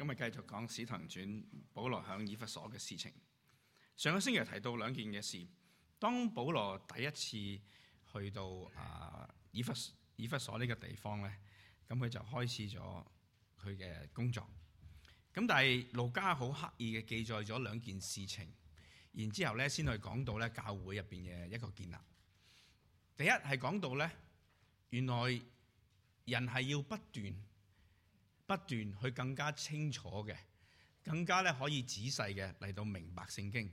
咁咪繼續講《使徒傳》，保羅喺以弗所嘅事情。上個星期提到兩件嘅事，當保羅第一次去到啊以弗以弗所呢個地方咧，咁佢就開始咗佢嘅工作。咁但係路加好刻意嘅記載咗兩件事情，然之後咧先去講到咧教會入邊嘅一個建立。第一係講到咧，原來人係要不斷，不斷去更加清楚嘅，更加咧可以仔細嘅嚟到明白聖經。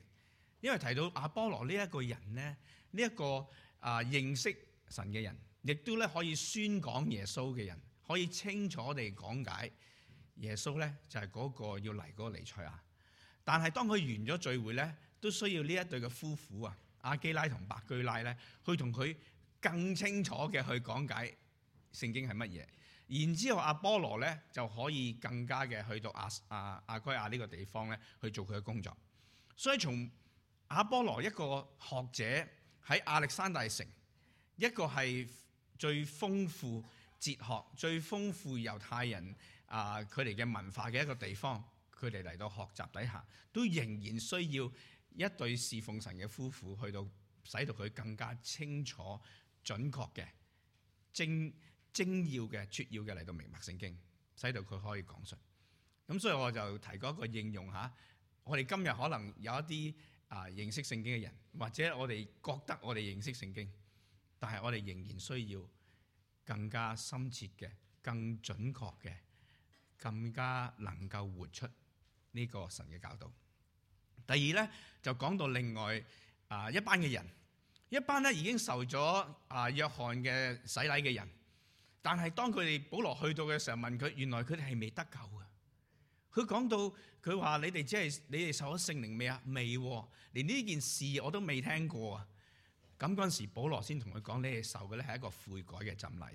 因為提到亞波羅呢一個人咧，呢、這、一個啊認識神嘅人，亦都咧可以宣講耶穌嘅人，可以清楚地講解耶穌咧就係嗰個要嚟嗰個彌賽亞。但係當佢完咗聚會咧，都需要呢一對嘅夫婦啊，亞基拉同白居拉咧，去同佢更清楚嘅去講解聖經係乜嘢。然之後，阿波羅咧就可以更加嘅去到亞亞亞該亞呢個地方咧去做佢嘅工作。所以從阿波羅一個學者喺亞歷山大城，一個係最豐富哲學、最豐富猶太人啊佢哋嘅文化嘅一個地方，佢哋嚟到學習底下，都仍然需要一對侍奉神嘅夫婦去到，使到佢更加清楚、準確嘅精正精要嘅、撮要嘅嚟到明白聖經，使到佢可以講述，咁所以我就提過一個應用吓。我哋今日可能有一啲啊認識聖經嘅人，或者我哋覺得我哋認識聖經，但係我哋仍然需要更加深切嘅、更準確嘅、更加能夠活出呢個神嘅教導。第二咧就講到另外啊一班嘅人，一班咧已經受咗啊約翰嘅洗禮嘅人。但係當佢哋保羅去到嘅時候，問佢：原來佢哋係未得救啊！佢講到佢話：你哋只係你哋受咗聖靈未啊？未喎，連呢件事我都未聽過啊！咁嗰陣時保羅先同佢講：你哋受嘅咧係一個悔改嘅浸禮，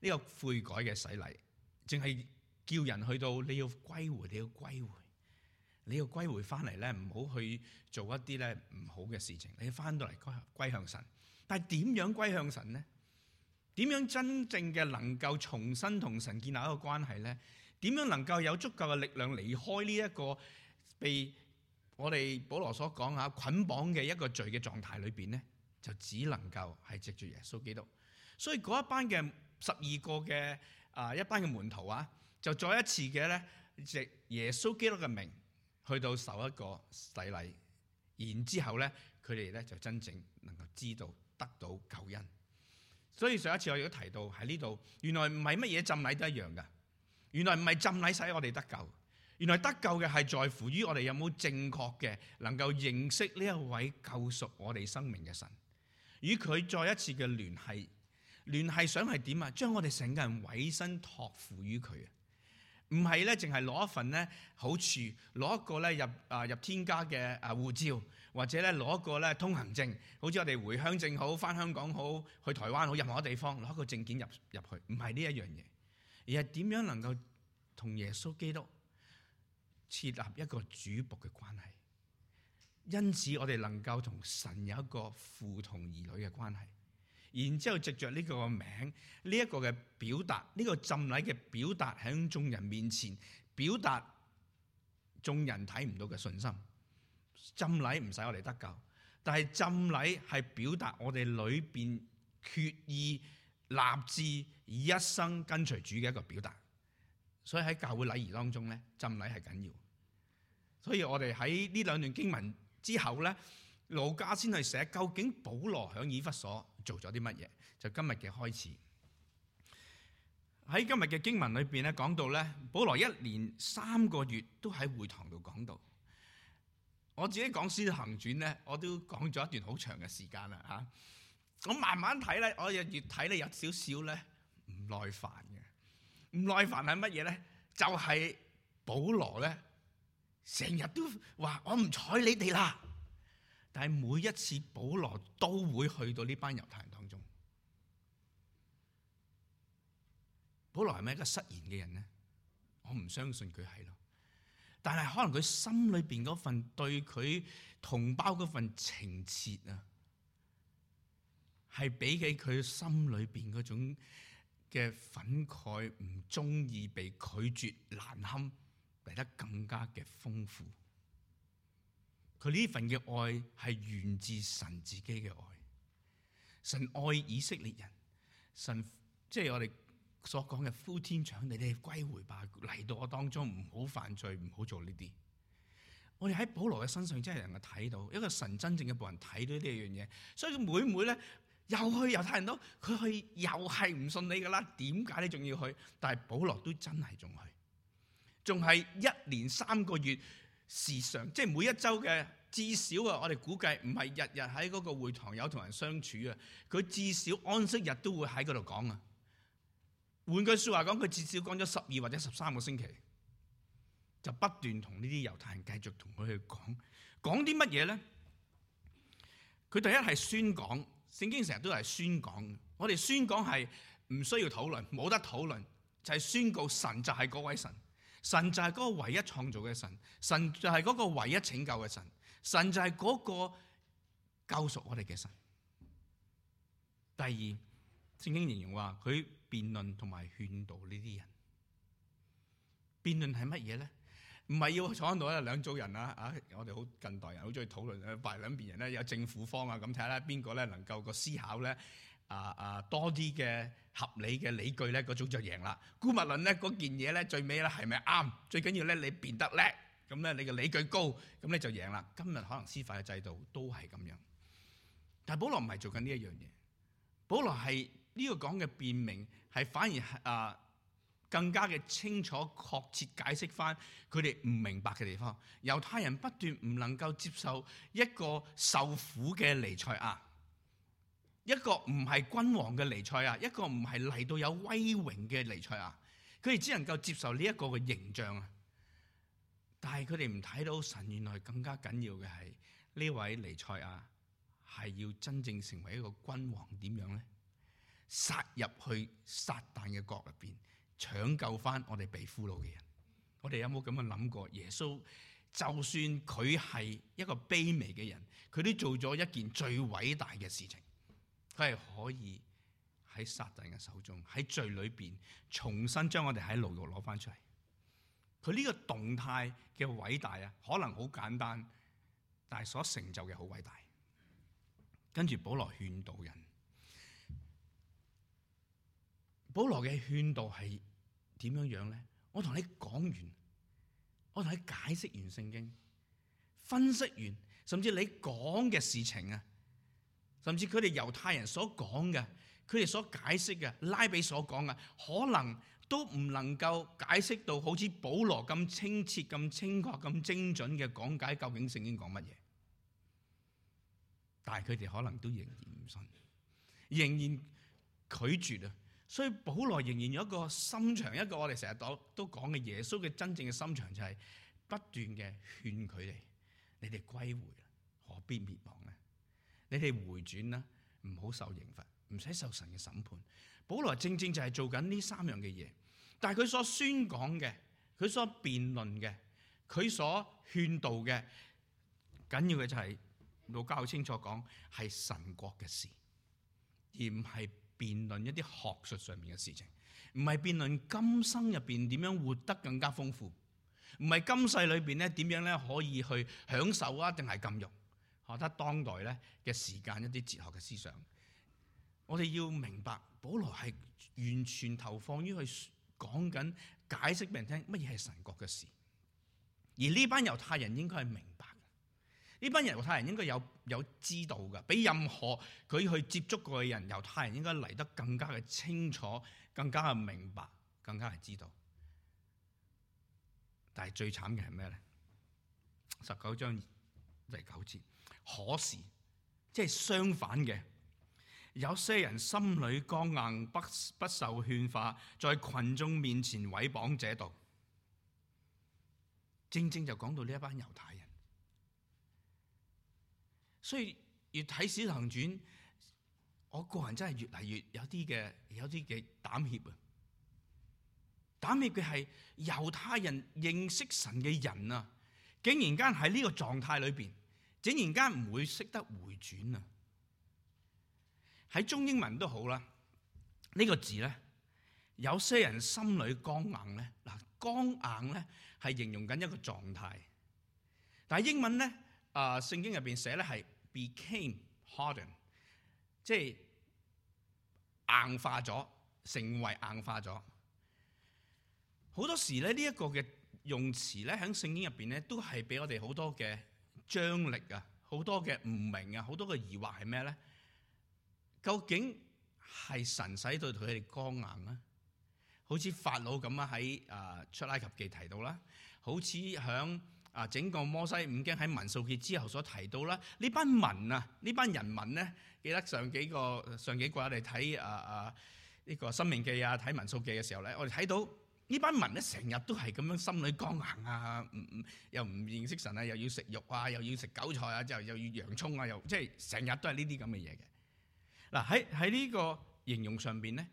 呢個悔改嘅洗禮，淨係叫人去到你要歸回，你要歸回，你要歸回翻嚟咧，唔好去做一啲咧唔好嘅事情，你要翻到嚟歸歸向神。但係點樣歸向神咧？點樣真正嘅能夠重新同神建立一個關係咧？點樣能夠有足夠嘅力量離開呢一個被我哋保羅所講嘅捆綁嘅一個罪嘅狀態裏邊咧？就只能夠係藉住耶穌基督。所以嗰一班嘅十二個嘅啊一班嘅門徒啊，就再一次嘅咧藉耶穌基督嘅名去到受一個洗禮。然之後咧佢哋咧就真正能夠知道得到救恩。所以上一次我亦都提到喺呢度，原來唔係乜嘢浸禮都一樣㗎，原來唔係浸禮使我哋得救，原來得救嘅係在乎於我哋有冇正確嘅能夠認識呢一位救贖我哋生命嘅神，與佢再一次嘅聯繫，聯繫想係點啊？將我哋成個人委身託付於佢啊，唔係咧，淨係攞一份咧好處，攞一個咧入啊入天家嘅啊護照。或者咧攞個咧通行證，好似我哋回鄉證好，翻香港好，去台灣好，任何地方攞個證件入入去，唔係呢一樣嘢，而係點樣能夠同耶穌基督設立一個主僕嘅關係，因此我哋能夠同神有一個父同兒女嘅關係，然之後藉着呢個名，呢一個嘅表達，呢個浸禮嘅表達喺眾人面前表達眾人睇唔到嘅信心。浸禮唔使我哋得救，但係浸禮係表達我哋裏邊決意立志以一生跟隨主嘅一個表達，所以喺教會禮儀當中咧，浸禮係緊要。所以我哋喺呢兩段經文之後咧，路加先去寫究竟保羅響以弗所做咗啲乜嘢？就今日嘅開始喺今日嘅經文裏邊咧，講到咧，保羅一連三個月都喺會堂度講道。我自己講《使行傳》咧，我都講咗一段好長嘅時間啦嚇。我慢慢睇咧，我越越睇咧，有少少咧唔耐煩嘅。唔耐煩係乜嘢咧？就係保羅咧，成日都話我唔睬你哋啦。但係每一次保羅都會去到呢班猶太人當中。保羅係咪一個失言嘅人咧？我唔相信佢係咯。但係可能佢心裏邊嗰份對佢同胞嗰份情切啊，係比起佢心裏邊嗰種嘅憤慨唔中意被拒絕難堪嚟得更加嘅豐富。佢呢份嘅愛係源自神自己嘅愛，神愛以色列人，神即係、就是、我哋。所講嘅呼天搶地，你哋歸回吧！嚟到我當中，唔好犯罪，唔好做呢啲。我哋喺保羅嘅身上真係能夠睇到，一個神真正嘅僕人睇到呢樣嘢。所以佢每每咧又去猶太人度，佢去又係唔信你噶啦，點解你仲要去？但係保羅都真係仲去，仲係一年三個月時常，即係每一週嘅至少啊！我哋估計唔係日日喺嗰個會堂有同人相處啊。佢至少安息日都會喺嗰度講啊。換句說話講，佢至少講咗十二或者十三個星期，就不斷同呢啲猶太人繼續同佢去講，講啲乜嘢呢？佢第一係宣講，聖經成日都係宣講。我哋宣講係唔需要討論，冇得討論，就係宣告神就係嗰位神，神就係嗰個唯一創造嘅神，神就係嗰個唯一拯救嘅神，神就係嗰個救贖我哋嘅神。第二。聖經形容話佢辯論同埋勸導呢啲人，辯論係乜嘢咧？唔係要坐喺度咧，兩組人啊啊！我哋好近代人好中意討論，擺兩邊人咧，有政府方啊，咁睇下咧，邊個咧能夠個思考咧啊啊多啲嘅合理嘅理據咧，嗰種就贏啦。姑勿論咧，嗰件嘢咧最尾咧係咪啱？最緊要咧你辯得叻，咁咧你嘅理據高，咁咧就贏啦。今日可能司法嘅制度都係咁樣，但係保羅唔係做緊呢一樣嘢，保羅係。呢個講嘅辨明係反而係啊，更加嘅清楚確切解釋翻佢哋唔明白嘅地方。猶太人不斷唔能夠接受一個受苦嘅彌賽亞，一個唔係君王嘅彌賽亞，一個唔係嚟到有威榮嘅彌賽亞，佢哋只能夠接受呢一個嘅形象啊。但係佢哋唔睇到神原來更加緊要嘅係呢位彌賽亞係要真正成為一個君王點樣咧？殺入去撒旦嘅國入邊搶救翻我哋被俘虜嘅人。我哋有冇咁樣諗過？耶穌就算佢係一個卑微嘅人，佢都做咗一件最偉大嘅事情。佢係可以喺撒旦嘅手中，喺罪裏邊重新將我哋喺牢獄攞翻出嚟。佢呢個動態嘅偉大啊，可能好簡單，但係所成就嘅好偉大。跟住保羅勸導人。保羅嘅勸導係點樣樣咧？我同你講完，我同你解釋完聖經，分析完，甚至你講嘅事情啊，甚至佢哋猶太人所講嘅，佢哋所解釋嘅，拉比所講嘅，可能都唔能夠解釋到好似保羅咁清澈、咁精確、咁精準嘅講解，究竟聖經講乜嘢？但係佢哋可能都仍然唔信，仍然拒絕啊！所以保羅仍然有一個心腸，一個我哋成日講都講嘅耶穌嘅真正嘅心腸就係不斷嘅勸佢哋：你哋歸回啦，何必滅亡咧？你哋回轉啦，唔好受刑罰，唔使受神嘅審判。保羅正正就係做緊呢三樣嘅嘢，但係佢所宣講嘅，佢所辯論嘅，佢所勸導嘅，緊要嘅就係路加好清楚講係神國嘅事，而唔係。辯論一啲學術上面嘅事情，唔係辯論今生入邊點樣活得更加豐富，唔係今世裏邊咧點樣咧可以去享受啊，定係禁欲，學得當代咧嘅時間一啲哲學嘅思想，我哋要明白保羅係完全投放於去講緊解釋俾人聽乜嘢係神國嘅事，而呢班猶太人應該係明白。呢班人猶太人應該有有知道㗎，比任何佢去接觸過嘅人，猶太人應該嚟得更加嘅清楚，更加嘅明白，更加嘅知道。但係最慘嘅係咩咧？十九章第九節，可是即係相反嘅，有些人心裏剛硬，不不受勸化，在群眾面前毀謗這道。正正就講到呢一班猶太人。所以越睇《使徒行傳》，我個人真係越嚟越有啲嘅有啲嘅膽怯啊！膽怯嘅係猶太人認識神嘅人啊，竟然間喺呢個狀態裏邊，竟然間唔會識得回轉啊！喺中英文都好啦，呢、呢個字咧，有些人心裏剛硬咧，嗱剛硬咧係形容緊一個狀態，但係英文咧。啊！聖經入邊寫咧係 became hardened，即係硬化咗，成為硬化咗。好多時咧呢一個嘅用詞咧喺聖經入邊咧都係俾我哋好多嘅張力啊，好多嘅唔明啊，好多嘅疑惑係咩咧？究竟係神使到佢哋剛硬啊？好似法老咁啊喺啊出埃及記提到啦，好似喺。啊！整個摩西五經喺民數記之後所提到啦，呢班民啊，呢班人民咧，記得上幾個上幾個我哋睇啊啊呢個申命記啊，睇民數記嘅時候咧，我哋睇到班文呢班民咧，成日都係咁樣心裏剛硬啊，唔唔又唔認識神啊，又要食肉啊，又要食韭菜啊，之後又要洋葱啊，又即係成日都係呢啲咁嘅嘢嘅。嗱喺喺呢個形容上邊咧，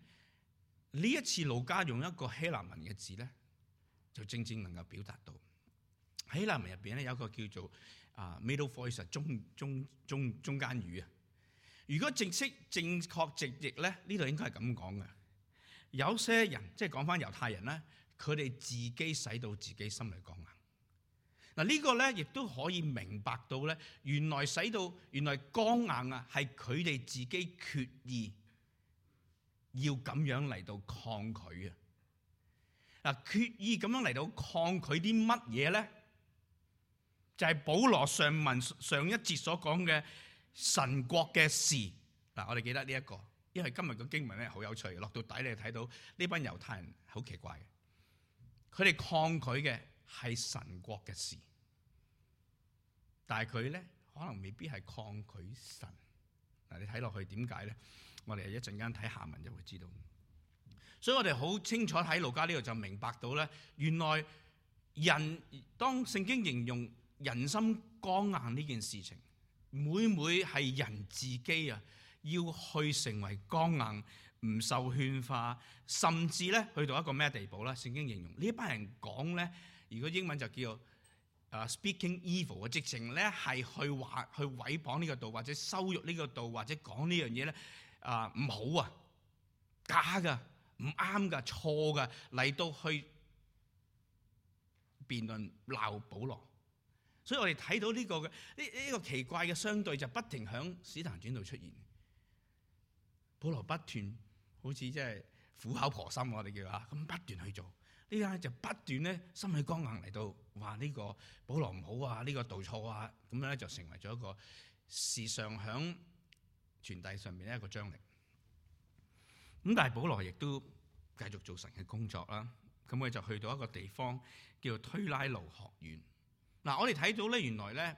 呢一次路加用一個希臘文嘅字咧，就正正能夠表達到。喺《南民》入邊咧，有一個叫做啊《Middle Voice 中》中中中中間語啊。如果正式正確直譯咧，呢度應該係咁講嘅。有些人即係講返猶太人咧，佢哋自己使到自己心裏剛硬。嗱、這、呢個咧，亦都可以明白到咧，原來使到原來剛硬啊，係佢哋自己決意要咁樣嚟到抗拒啊。嗱決意咁樣嚟到抗拒啲乜嘢咧？就係、是、保羅上文上一節所講嘅神國嘅事嗱，我哋記得呢、這、一個，因為今日嘅經文咧好有趣，落到底你睇到呢班猶太人好奇怪嘅，佢哋抗拒嘅係神國嘅事，但係佢咧可能未必係抗拒神嗱，你睇落去點解咧？我哋一陣間睇下文就會知道。所以我哋好清楚喺路加呢度就明白到咧，原來人當聖經形容。人心剛硬呢件事情，每每係人，人自己啊，要去成為剛硬，唔受勸化，甚至咧去到一個咩地步咧？聖經形容呢一班人講咧，如果英文就叫做 speaking evil 嘅直情咧，係去話去毀謗呢個道，或者羞辱呢個道，或者講呢樣嘢咧啊唔好啊，假嘅，唔啱嘅，錯嘅嚟到去辯論鬧保羅。所以我哋睇到呢、這個嘅呢呢個奇怪嘅相對就不停響使徒行傳度出現，保羅不斷好似即係苦口婆心我哋叫啊，咁不斷去做，呢家就不斷咧心裏剛硬嚟到話呢個保羅唔好啊，呢、這個道錯啊，咁樣咧就成為咗一個時尚響傳遞上面一個張力。咁但係保羅亦都繼續做神嘅工作啦，咁佢就去到一個地方叫推拉路學院。嗱、啊，我哋睇到咧，原來咧，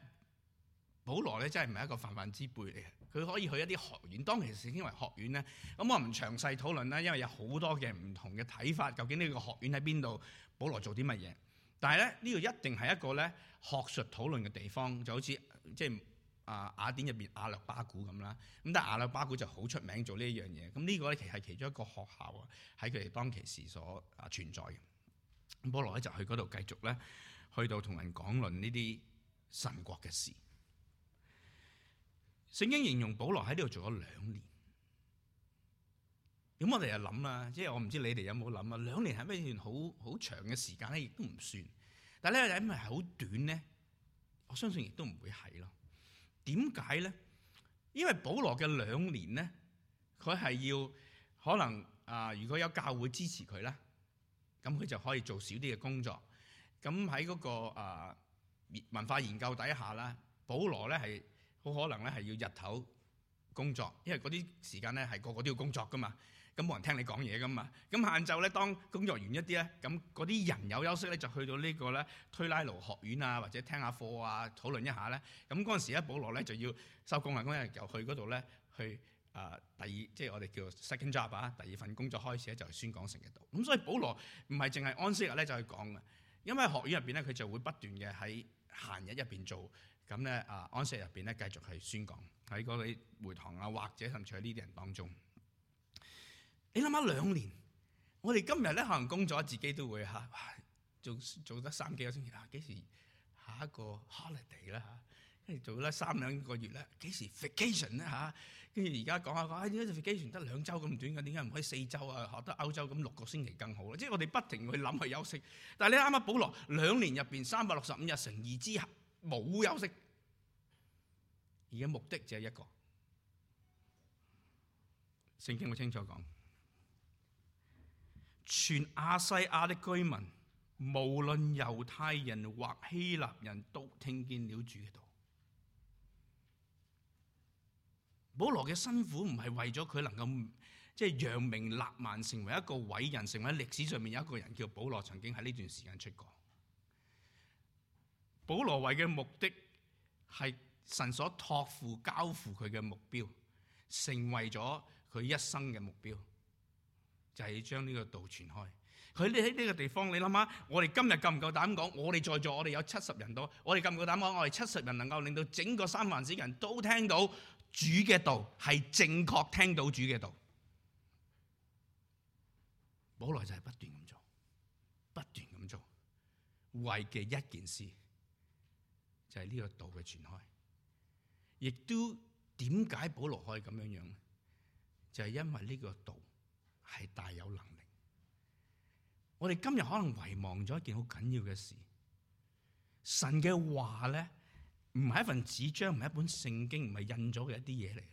保羅咧真係唔係一個泛泛之輩嚟嘅。佢可以去一啲學院，當其時稱為學院咧。咁我唔詳細討論啦，因為有好多嘅唔同嘅睇法。究竟呢個學院喺邊度？保羅做啲乜嘢？但係咧，呢度一定係一個咧學術討論嘅地方，就好似即係啊雅典入邊亞略巴古咁啦。咁但係亞略巴古就好出名做這這呢一樣嘢。咁呢個咧其實係其中一個學校啊，喺佢哋當其時所啊存在嘅。保羅咧就去嗰度繼續咧。去到同人講論呢啲神國嘅事，聖經形容保羅喺呢度做咗兩年，咁我哋又諗啦，即係我唔知你哋有冇諗啊？兩年係咪一段好好長嘅時間咧？亦都唔算，但係咧係咪係好短咧？我相信亦都唔會係咯。點解咧？因為保羅嘅兩年咧，佢係要可能啊、呃，如果有教會支持佢咧，咁佢就可以做少啲嘅工作。咁喺嗰個、呃、文化研究底下啦，保羅咧係好可能咧係要日頭工作，因為嗰啲時間咧係個個都要工作㗎嘛，咁冇人聽你講嘢㗎嘛。咁晏晝咧當工作完一啲咧，咁嗰啲人有休息咧就去到呢個咧推喇奴學院啊，或者聽下課啊，討論一下咧。咁嗰陣時咧，保羅咧就要收工啊，咁又去嗰度咧去啊、呃、第二即係、就是、我哋叫 second job 啊，第二份工作開始咧就係宣講城嘅道。咁所以保羅唔係淨係安息日咧就去講㗎。因為學院入邊咧，佢就會不斷嘅喺閒日入邊做，咁咧啊安息日入邊咧繼續係宣講喺嗰啲會堂啊，或者甚至喺呢啲人當中。你諗下兩年，我哋今日咧可能工作自己都會嚇，做做得三幾個星期啊，幾時下一個 holiday 啦嚇，跟住做咗三兩個月啦，幾時 vacation 咧嚇？啊跟住而家講下講，點解飛機船得兩週咁短嘅？點解唔可以四周？啊？學得歐洲咁六個星期更好咧？即係我哋不停去諗去休息。但係你啱啱保羅兩年入邊三百六十五日乘二之後冇休息，而家目的就係一個聖經好清楚講，全亞西亞的居民，無論猶太人或希臘人都聽見了主嘅道。保羅嘅辛苦唔係為咗佢能夠即係揚名立萬，成為一個偉人，成為歷史上面有一個人叫保羅，曾經喺呢段時間出過。保羅為嘅目的係神所託付、交付佢嘅目標，成為咗佢一生嘅目標，就係將呢個道傳開。佢喺呢個地方，你諗下，我哋今日夠唔夠膽講？我哋在座，我哋有七十人多，我哋夠唔夠膽講？我哋七十人能夠令到整個三藩市人都聽到？主嘅道係正確，聽到主嘅道，保羅就係不斷咁做，不斷咁做，為嘅一件事就係、是、呢個道嘅傳開。亦都點解保羅可以咁樣樣咧？就係、是、因為呢個道係大有能力。我哋今日可能遺忘咗一件好緊要嘅事，神嘅話咧，唔係一份紙張，唔係一本聖經，唔係印咗嘅一啲嘢嚟嘅，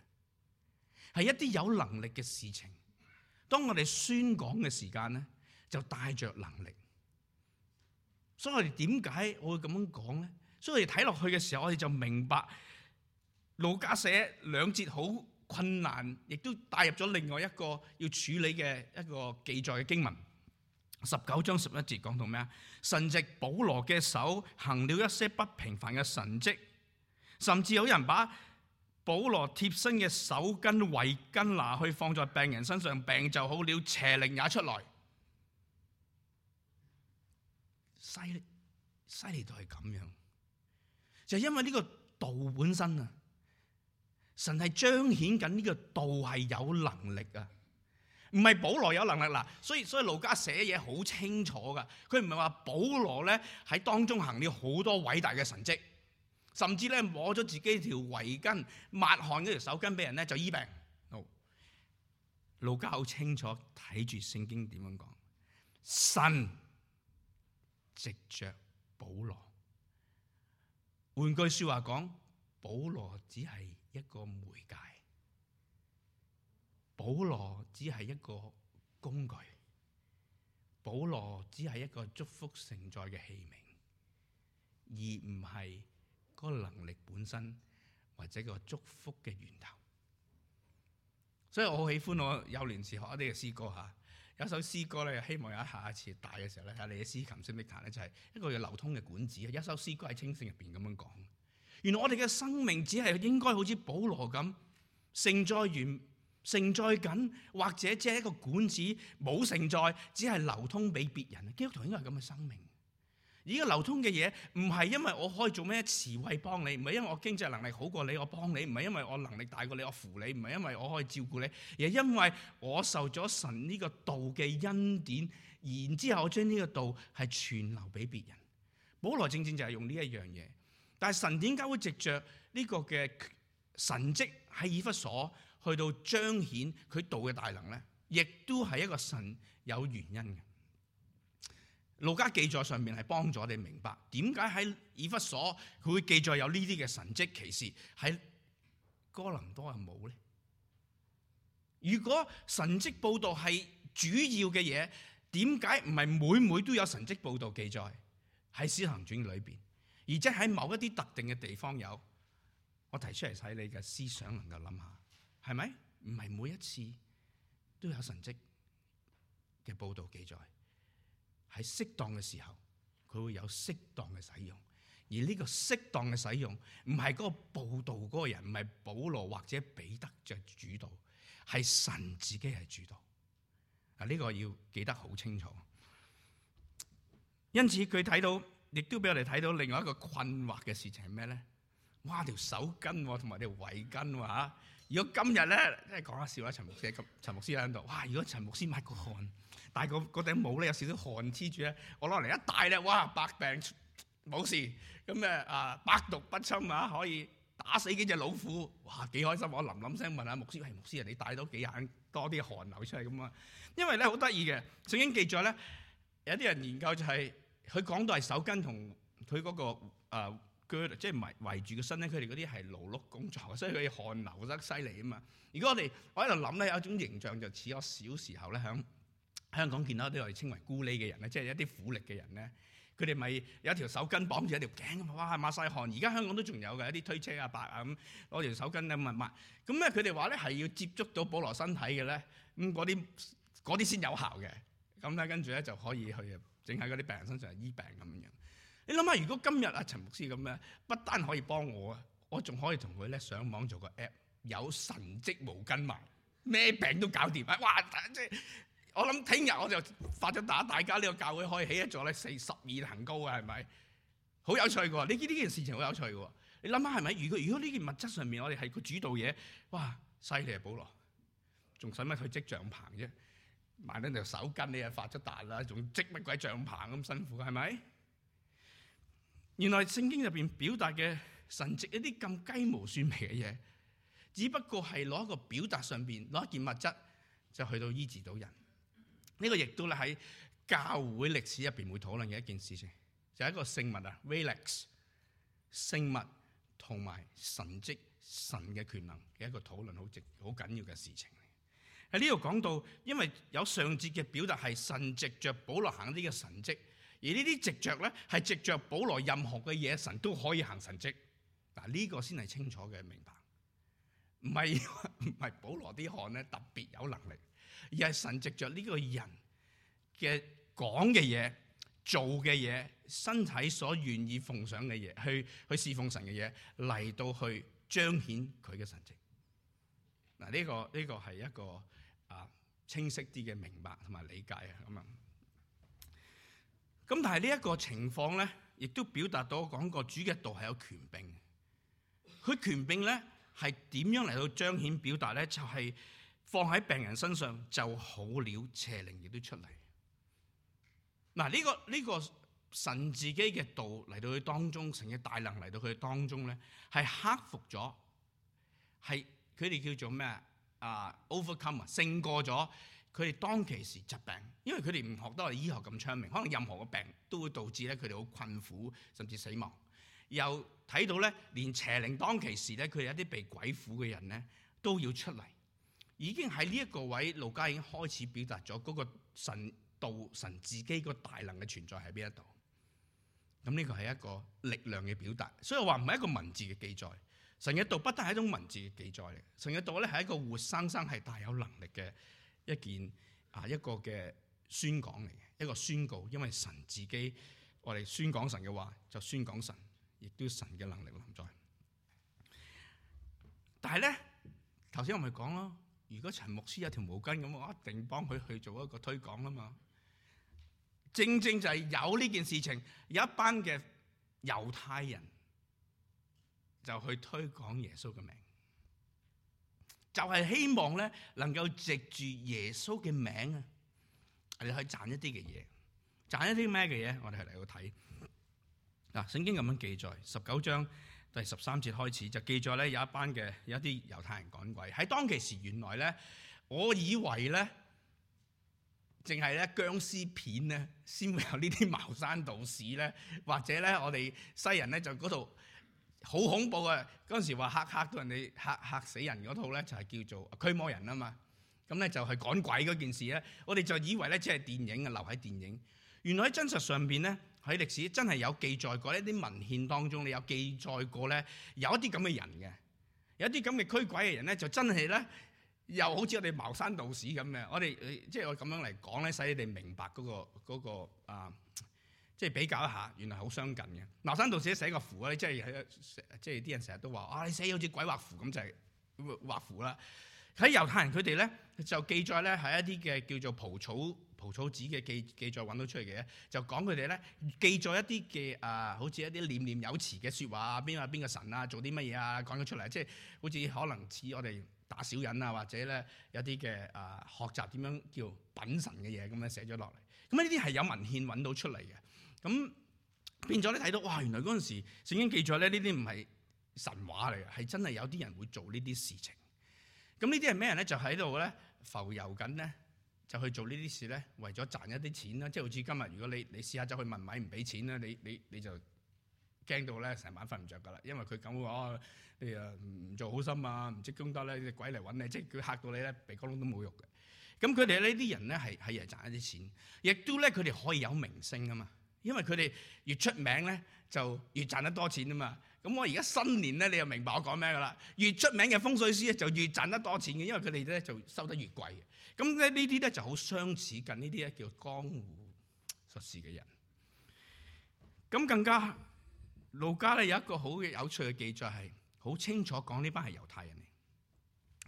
係一啲有能力嘅事情。當我哋宣講嘅時間咧，就帶着能力。所以我哋點解我會咁樣講咧？所以我哋睇落去嘅時候，我哋就明白路加寫兩節好困難，亦都帶入咗另外一個要處理嘅一個記載嘅經文。十九章十一節講到咩啊？神藉保羅嘅手行了一些不平凡嘅神蹟。甚至有人把保羅貼身嘅手巾、圍巾拿去放在病人身上，病就好了，邪靈也出來，犀利，犀利到係咁樣，就係因為呢個道本身啊，神係彰顯緊呢個道係有能力啊，唔係保羅有能力嗱。所以，所以路加寫嘢好清楚噶，佢唔係話保羅咧喺當中行了好多偉大嘅神蹟。甚至咧摸咗自己條圍巾抹汗嗰條手巾俾人咧就醫病。老、no. 路加好清楚睇住聖經點樣講，神藉着保羅，換句話說話講，保羅只係一個媒介，保羅只係一個工具，保羅只係一個祝福承載嘅器皿，而唔係。個能力本身，或者個一個祝福嘅源頭，所以我好喜歡我幼年時學一啲嘅詩歌嚇。有一首詩歌咧，希望有下一次大嘅時候咧，睇下你嘅司琴識唔識彈咧，就係、是、一個流通嘅管子。一首詩歌喺《清醒》入邊咁樣講，原來我哋嘅生命只係應該好似保羅咁盛載完、盛載緊，或者即係一個管子冇盛載，只係流通俾別人。基督徒應該係咁嘅生命。呢個流通嘅嘢唔係因為我可以做咩慈惠幫你，唔係因為我經濟能力好過你，我幫你，唔係因為我能力大過你，我扶你，唔係因為我可以照顧你，而係因為我受咗神呢個道嘅恩典，然之後我將呢個道係傳流俾別人。保羅正正就係用呢一樣嘢，但係神點解會藉着呢個嘅神蹟喺以弗所去到彰顯佢道嘅大能咧？亦都係一個神有原因嘅。路加記載上面係幫助我哋明白點解喺以弗所佢會記載有呢啲嘅神蹟奇事，喺哥林多就冇咧。如果神蹟報導係主要嘅嘢，點解唔係每每都有神蹟報導記載喺《使行傳》裏邊，而且喺某一啲特定嘅地方有？我提出嚟使你嘅思想能夠諗下，係咪唔係每一次都有神蹟嘅報導記載？喺適當嘅時候，佢會有適當嘅使用。而呢個適當嘅使用，唔係嗰個報導嗰個人，唔係保羅或者彼得着主導，係神自己係主導。啊，呢個要記得好清楚。因此佢睇到，亦都俾我哋睇到另外一個困惑嘅事情係咩咧？哇，條手巾同埋條圍巾喎！如果今日咧，即係講下笑下，陳牧師咁，陳牧師喺度。哇，如果陳牧師抹個汗。戴個嗰頂帽咧，有少少汗黐住咧，我攞嚟一戴咧，哇，百病冇事，咁誒啊，百毒不侵啊，可以打死幾隻老虎，哇，幾開心！我諗諗聲問下牧師，喂牧師，你戴多幾眼，多啲汗流出嚟咁啊？因為咧好得意嘅，曾經記載咧，有啲人研究就係佢講到係手巾同佢嗰個誒 gel，即係圍住個身咧，佢哋嗰啲係勞碌工作，所以佢汗流得犀利啊嘛。如果我哋我喺度諗咧，有一種形象就似我小時候咧喺。香港見到一啲我哋稱為咕喱嘅人咧，即係一啲苦力嘅人咧，佢哋咪有一條手巾綁住一條頸咁啊，抹曬汗。而家香港都仲有嘅一啲推車阿伯啊咁，攞條手巾咧咁啊抹。咁咧佢哋話咧係要接觸到保羅身體嘅咧，咁嗰啲嗰啲先有效嘅。咁咧跟住咧就可以去整喺嗰啲病人身上醫病咁樣。你諗下，如果今日阿陳牧師咁咧，不單可以幫我，我仲可以同佢咧上網做個 app，有神蹟毛巾賣，咩病都搞掂啊！哇，即係～我諗聽日我就發咗達，大家呢個教會可以起一座咧四十二層高嘅，係咪？好有趣嘅喎！你見呢件事情好有趣嘅喎！你諗下係咪？如果如果呢件物質上面我哋係個主導嘢，哇！犀利啊保羅，仲使乜去織帳篷啫？萬呢條手巾，你又發咗達啦，仲織乜鬼帳篷咁辛苦係咪？原來聖經入邊表達嘅神蹟一啲咁雞毛蒜皮嘅嘢，只不過係攞一個表達上邊攞一件物質就去到醫治到人。呢、這個亦都咧喺教會歷史入邊會討論嘅一件事情，就係、是、一個聖物啊，Relics 聖物同埋神蹟神嘅權能嘅一個討論，好值好緊要嘅事情。喺呢度講到，因為有上節嘅表達係神藉着保羅行呢個神蹟，而迹呢啲藉着咧係藉着保羅任何嘅嘢，神都可以行神蹟。嗱、這、呢個先係清楚嘅明白，唔係唔係保羅啲汗咧特別有能力。而係神藉着呢個人嘅講嘅嘢，做嘅嘢，身體所願意奉上嘅嘢，去去侍奉神嘅嘢，嚟到去彰顯佢嘅神蹟。嗱、這個，呢、這個呢個係一個啊清晰啲嘅明白同埋理解啊咁啊。咁、嗯、但係呢一個情況咧，亦都表達到我講過，主嘅道係有權柄。佢權柄咧係點樣嚟到彰顯表達咧？就係、是。放喺病人身上就好了，邪靈亦都出嚟嗱。呢、這個呢、這個神自己嘅道嚟到佢當中，神嘅大能嚟到佢嘅當中咧，係克服咗，係佢哋叫做咩啊？overcome 啊，勝過咗佢哋當其時疾病，因為佢哋唔學得我哋醫學咁昌明，可能任何嘅病都會導致咧佢哋好困苦甚至死亡。又睇到咧，連邪靈當其時咧，佢哋有啲被鬼附嘅人咧都要出嚟。已經喺呢一個位，路加已經開始表達咗嗰個神道、神自己個大能嘅存在喺邊一度。咁呢個係一個力量嘅表達，所以我話唔係一個文字嘅記載。神嘅道不單係一種文字嘅記載嚟，神嘅道咧係一個活生生係大有能力嘅一件啊一個嘅宣講嚟嘅一個宣告，因為神自己我哋宣講神嘅話就宣講神，亦都神嘅能力存在。但係咧，頭先我咪講咯。如果陳牧師有條毛巾咁，我一定幫佢去做一個推廣吖嘛。正正就係有呢件事情，有一班嘅猶太人就去推廣耶穌嘅名，就係希望咧能夠藉住耶穌嘅名啊，你可以賺一啲嘅嘢，賺一啲咩嘅嘢？我哋係嚟到睇嗱，聖經咁樣記載十九章。第十三節開始就記載咧，有一班嘅有一啲猶太人趕鬼喺當其時。原來咧，我以為咧，淨係咧僵屍片咧先會有呢啲茅山道士咧，或者咧我哋西人咧就嗰度好恐怖嘅。嗰時話嚇嚇到人哋嚇嚇死人嗰套咧，就係叫做驅魔人啊嘛。咁咧就係趕鬼嗰件事咧，我哋就以為咧即係電影啊，留喺電影。原來喺真實上邊咧，喺歷史真係有記載過一啲文獻當中，你有記載過咧，有一啲咁嘅人嘅，有一啲咁嘅驅鬼嘅人咧，就真係咧，又好似我哋茅山道士咁嘅。我哋即係我咁樣嚟講咧，使你哋明白嗰個嗰個啊，即係比較一下，原來好相近嘅。茅山道士寫個符啊，即係即係啲人成日都話啊，你寫好似鬼畫符咁就係畫符啦。喺猶太人佢哋咧就記載咧係一啲嘅叫做蒲草。蒲草紙嘅記記載揾到出嚟嘅，就講佢哋咧記載一啲嘅啊，好似一啲念念有詞嘅説話啊，邊個邊個神啊，做啲乜嘢啊，講咗出嚟，即係好似可能似我哋打小人啊，或者咧有啲嘅啊，學習點樣叫品神嘅嘢咁樣寫咗落嚟。咁呢啲係有文獻揾到出嚟嘅，咁變咗你睇到哇，原來嗰陣時聖經記載咧呢啲唔係神話嚟嘅，係真係有啲人會做呢啲事情。咁呢啲係咩人咧？就喺度咧浮遊緊咧。就去做這些呢啲事咧，為咗賺一啲錢啦，即係好似今日，如果你你試下走去問米唔俾錢啦，你你你就驚到咧，成晚瞓唔着噶啦，因為佢咁話，你誒唔做好心啊，唔知咁多咧，啲鬼嚟揾你，即係佢嚇到你咧，鼻哥窿都冇肉嘅。咁佢哋呢啲人咧係係嚟賺一啲錢，亦都咧佢哋可以有名聲啊嘛，因為佢哋越出名咧就越賺得多錢啊嘛。咁我而家新年咧，你又明白我講咩噶啦？越出名嘅風水師就越賺得多錢嘅，因為佢哋咧就收得越貴。咁咧呢啲咧就好相似，近呢啲咧叫江湖術士嘅人。咁更加，路加咧有一個好有趣嘅記載，係好清楚講呢班係猶太人嚟。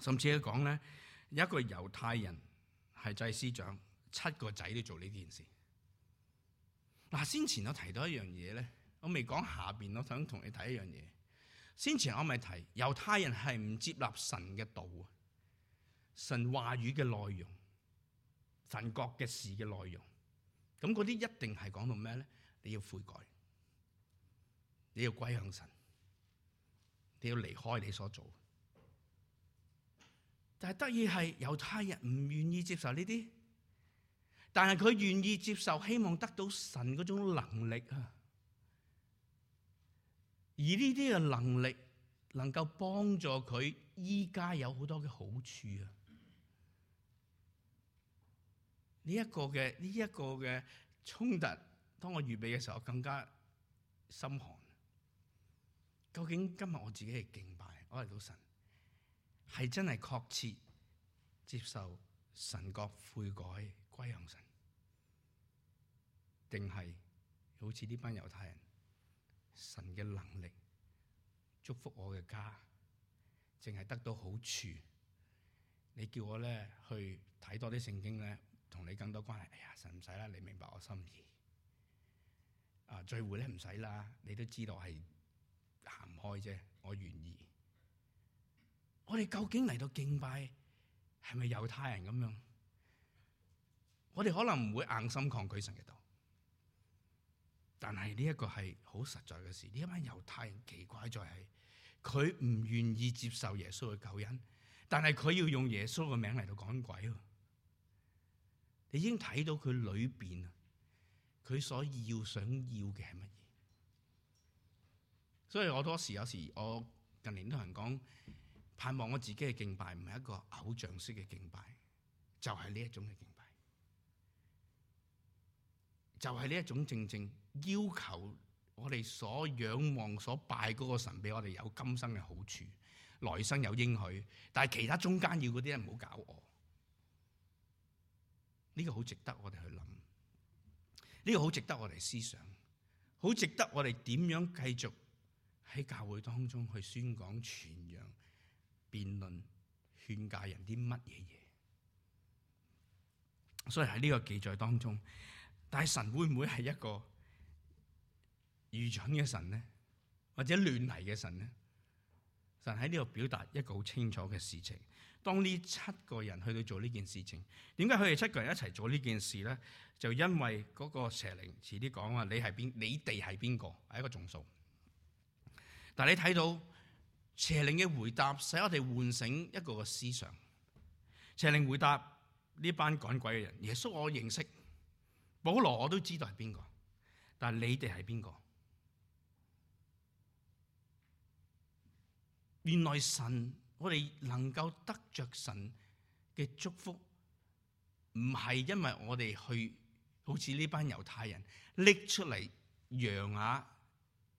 甚至佢講咧，有一個猶太人係祭司長，七個仔都做呢件事。嗱，先前我提到一樣嘢咧，我未講下邊，我想同你睇一樣嘢。先前我咪提猶太人係唔接納神嘅道。神話語嘅內容，神國嘅事嘅內容，咁嗰啲一定係講到咩咧？你要悔改，你要歸向神，你要離開你所做。但係得意係猶太人唔願意接受呢啲，但係佢願意接受，希望得到神嗰種能力啊，而呢啲嘅能力能夠幫助佢依家有好多嘅好處啊。呢、這、一個嘅呢一個嘅衝突，當我預備嘅時候，我更加心寒。究竟今日我自己係敬拜，愛到神，係真係確切接受神國悔改歸向神，定係好似呢班猶太人，神嘅能力祝福我嘅家，淨係得到好處。你叫我咧去睇多啲聖經咧。同你更多關係，哎呀，使唔使啦？你明白我心意。啊，聚會咧唔使啦，你都知道係行唔開啫。我願意。我哋究竟嚟到敬拜，係咪猶太人咁樣？我哋可能唔會硬心抗拒神嘅道，但係呢一個係好實在嘅事。呢班猶太人奇怪在係，佢唔願意接受耶穌嘅救恩，但係佢要用耶穌嘅名嚟到趕鬼。你已經睇到佢裏邊啊，佢所要想要嘅係乜嘢？所以我多時有時我近年都同人講，盼望我自己嘅敬拜唔係一個偶像式嘅敬拜，就係呢一種嘅敬拜，就係呢一種正正要求我哋所仰望、所拜嗰個神俾我哋有今生嘅好處，來生有應許，但係其他中間要嗰啲人唔好搞我。呢個好值得我哋去諗，呢個好值得我哋思想，好值得我哋點樣繼續喺教會當中去宣講、傳揚、辯論、勸戒人啲乜嘢嘢。所以喺呢個記載當中，但係神會唔會係一個愚蠢嘅神呢？或者亂嚟嘅神呢？神喺呢度表達一個好清楚嘅事情。當呢七個人去到做呢件事情，點解佢哋七個人一齊做呢件事咧？就因為嗰個邪靈遲啲講話，你係邊？你哋係邊個？係一個眾數。但係你睇到邪靈嘅回答，使我哋喚醒一個個思想。邪靈回答呢班趕鬼嘅人：耶穌我認識，保羅我都知道係邊個，但係你哋係邊個？原來神。我哋能夠得着神嘅祝福，唔係因為我哋去好似呢班猶太人拎出嚟揚下、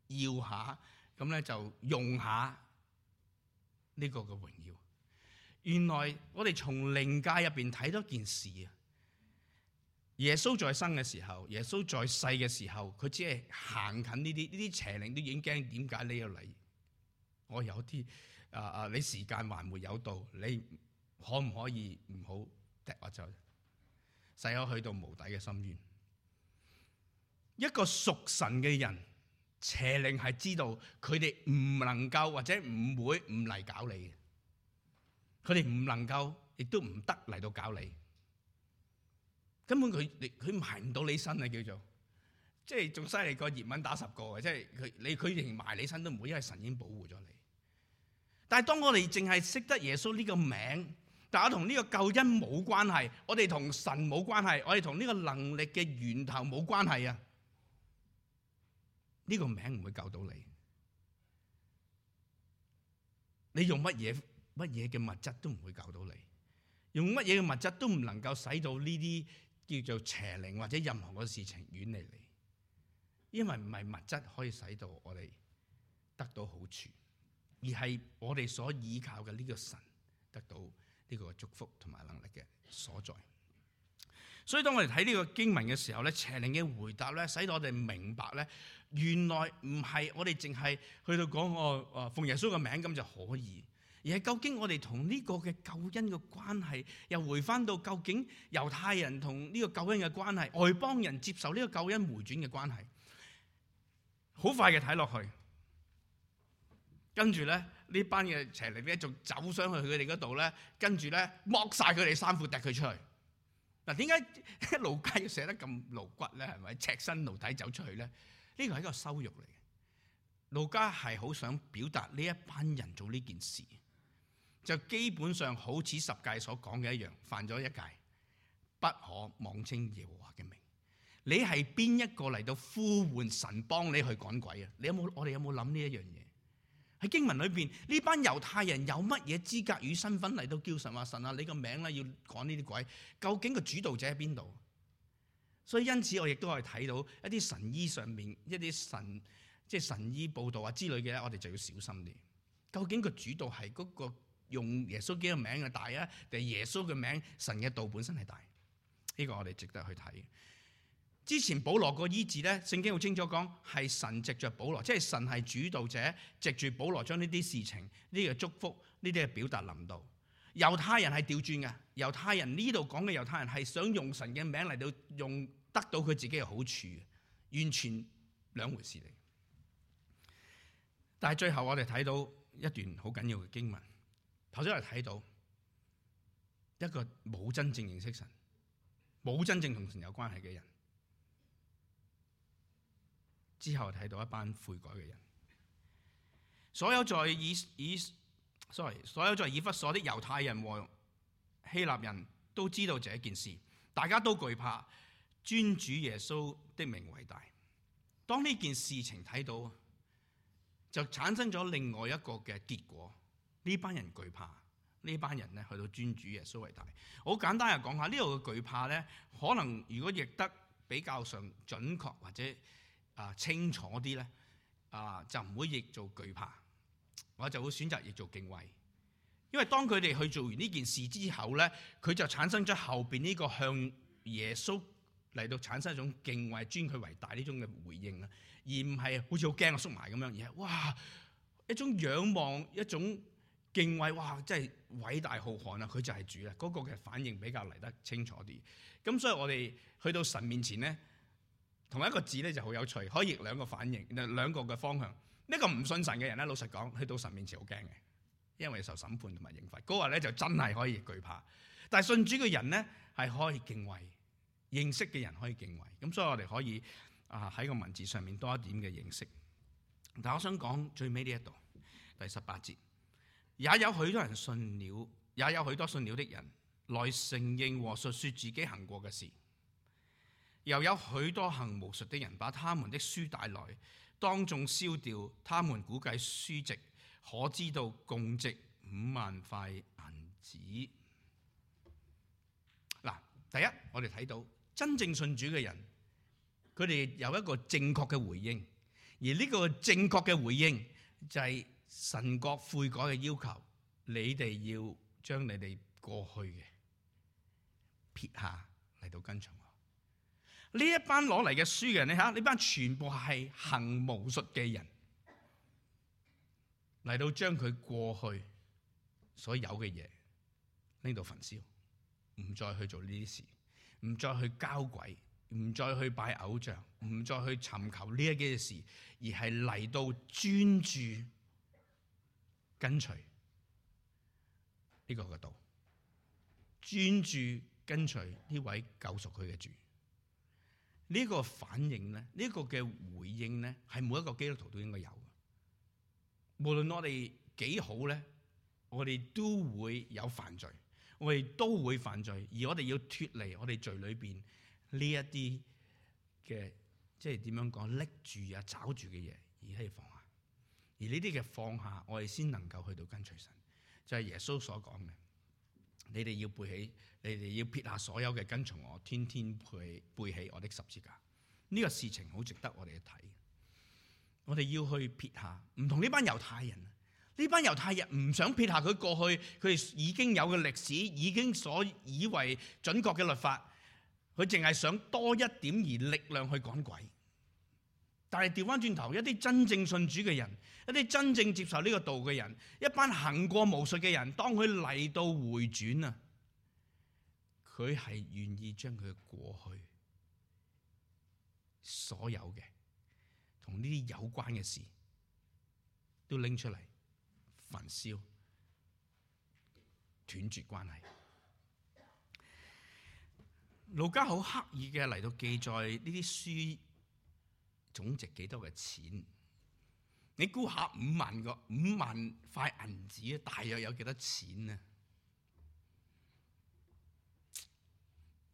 要下，咁咧就用下呢個嘅榮耀。原來我哋從靈界入邊睇到件事啊！耶穌在生嘅時候，耶穌在世嘅時候，佢只係行近呢啲呢啲邪靈都已經驚，點解你又嚟？我有啲啊啊！你時間還沒有到，你可唔可以唔好踢我走，使我去到無底嘅深淵。一個屬神嘅人，邪靈係知道佢哋唔能夠或者唔會唔嚟搞你嘅，佢哋唔能夠亦都唔得嚟到搞你。根本佢佢埋唔到你身啊！叫做即係仲犀利過葉問打十個嘅，即係佢你佢連埋你身都唔會，因為神已經保護咗你。但係當我哋淨係識得耶穌呢個名，但我同呢個救恩冇關係，我哋同神冇關係，我哋同呢個能力嘅源頭冇關係啊！呢個名唔會救到你，你用乜嘢乜嘢嘅物質都唔會救到你，用乜嘢嘅物質都唔能夠使到呢啲叫做邪靈或者任何嘅事情遠離你，因為唔係物質可以使到我哋得到好處。而係我哋所倚靠嘅呢個神得到呢個祝福同埋能力嘅所在。所以當我哋睇呢個經文嘅時候咧，邪靈嘅回答咧，使到我哋明白咧，原來唔係我哋淨係去到講個啊奉耶穌嘅名咁就可以，而係究竟我哋同呢個嘅救恩嘅關係，又回翻到究竟猶太人同呢個救恩嘅關係，外邦人接受呢個救恩回轉嘅關係，好快嘅睇落去。跟住咧，班呢班嘅邪靈啲，就走上去佢哋嗰度咧。跟住咧，剝晒佢哋衫褲，掟佢出去嗱。點解路加寫得咁露骨咧？係咪赤身露體，走出去咧？呢、這個係一個羞辱嚟嘅。路加係好想表達呢一班人做呢件事，就基本上好似十誡所講嘅一樣，犯咗一誡，不可妄稱耶和華嘅名。你係邊一個嚟到呼喚神幫你去趕鬼啊？你有冇我哋有冇諗呢一樣嘢？喺經文裏邊呢班猶太人有乜嘢資格與身份嚟到叫神啊、啊神，啊、神啊？你個名咧要講呢啲鬼，究竟個主導者喺邊度？所以因此我亦都可以睇到一啲神醫上面一啲神即係神醫報道啊之類嘅咧，我哋就要小心啲。究竟個主導係嗰個用耶穌基督個名嘅大啊，定係耶穌嘅名？神嘅道本身係大呢、這個，我哋值得去睇。之前保羅個醫治咧，聖經好清楚講係神藉着保羅，即係神係主導者，藉住保羅將呢啲事情，呢個祝福，呢啲嘅表達臨到。猶太人係調轉嘅，猶太人呢度講嘅猶太人係想用神嘅名嚟到用，得到佢自己嘅好處，完全兩回事嚟。但係最後我哋睇到一段好緊要嘅經文，頭先我哋睇到一個冇真正認識神、冇真正同神有關係嘅人。之後睇到一班悔改嘅人，所有在以以 sorry，所有在以弗所的猶太人和希臘人都知道這一件事，大家都懼怕尊主耶穌的名為大。當呢件事情睇到，就產生咗另外一個嘅結果。呢班人懼怕，呢班人呢，去到尊主耶穌為大。好簡單又講下呢度嘅懼怕呢，可能如果譯得比較上準確或者。啊，清楚啲咧，啊就唔會譯做懼怕，我就會選擇譯做敬畏。因為當佢哋去做完呢件事之後咧，佢就產生咗後邊呢個向耶穌嚟到產生一種敬畏、尊佢為大呢種嘅回應啊，而唔係好似好驚縮埋咁樣，而係哇一種仰望、一種敬畏，哇真係偉大浩瀚啊！佢就係主啊，嗰個嘅反應比較嚟得清楚啲。咁所以我哋去到神面前咧。同一個字咧就好有趣，可以兩個反應，兩個嘅方向。呢個唔信神嘅人咧，老實講，去到神面前好驚嘅，因為受審判同埋刑罰。嗰個咧就真係可以懼怕，但係信主嘅人咧係可以敬畏，認識嘅人可以敬畏。咁所以我哋可以啊喺個文字上面多一點嘅認識。但我想講最尾呢一度，第十八節，也有許多人信了，也有許多信了的人來承認和述説自己行過嘅事。又有許多行巫術的人把他們的書帶來當眾燒掉，他們估計書值可知道共值五萬塊銀紙。嗱，第一我哋睇到真正信主嘅人，佢哋有一個正確嘅回應，而呢個正確嘅回應就係、是、神國悔改嘅要求，你哋要將你哋過去嘅撇下嚟到跟隨。呢一班攞嚟嘅書嘅人，你睇下，呢班全部係行巫術嘅人嚟到將佢過去所有嘅嘢拎到焚燒，唔再去做呢啲事，唔再去交鬼，唔再去拜偶像，唔再去尋求呢一啲嘅事，而係嚟到專注跟隨呢個嘅道，專注跟隨呢位救贖佢嘅主。呢、這個反應咧，呢、這個嘅回應咧，係每一個基督徒都應該有嘅。無論我哋幾好咧，我哋都會有犯罪，我哋都會犯罪，而我哋要脫離我哋罪裏面呢一啲嘅，即係點樣講拎住啊、抓住嘅嘢而係放下。而呢啲嘅放下，我哋先能夠去到跟隨神，就係、是、耶穌所講嘅。你哋要背起，你哋要撇下所有嘅跟從我，天天背背起我的十字架。呢、呢個事情好值得我哋去睇，我哋要去撇下，唔同呢班猶太人，呢班猶太人唔想撇下佢，過去佢哋已經有嘅歷史，已經所以為準確嘅律法，佢淨係想多一點而力量去趕鬼。但係掉返轉頭，一啲真正信主嘅人，一啲真正接受呢個道嘅人，一班行過巫術嘅人，當佢嚟到回轉啊，佢係願意將佢過去所有嘅同呢啲有關嘅事都拎出嚟焚燒，斷絕關係。路加好刻意嘅嚟到記載呢啲書。總值幾多嘅錢？你估下五萬個五萬塊銀紙，大約有幾多錢呢？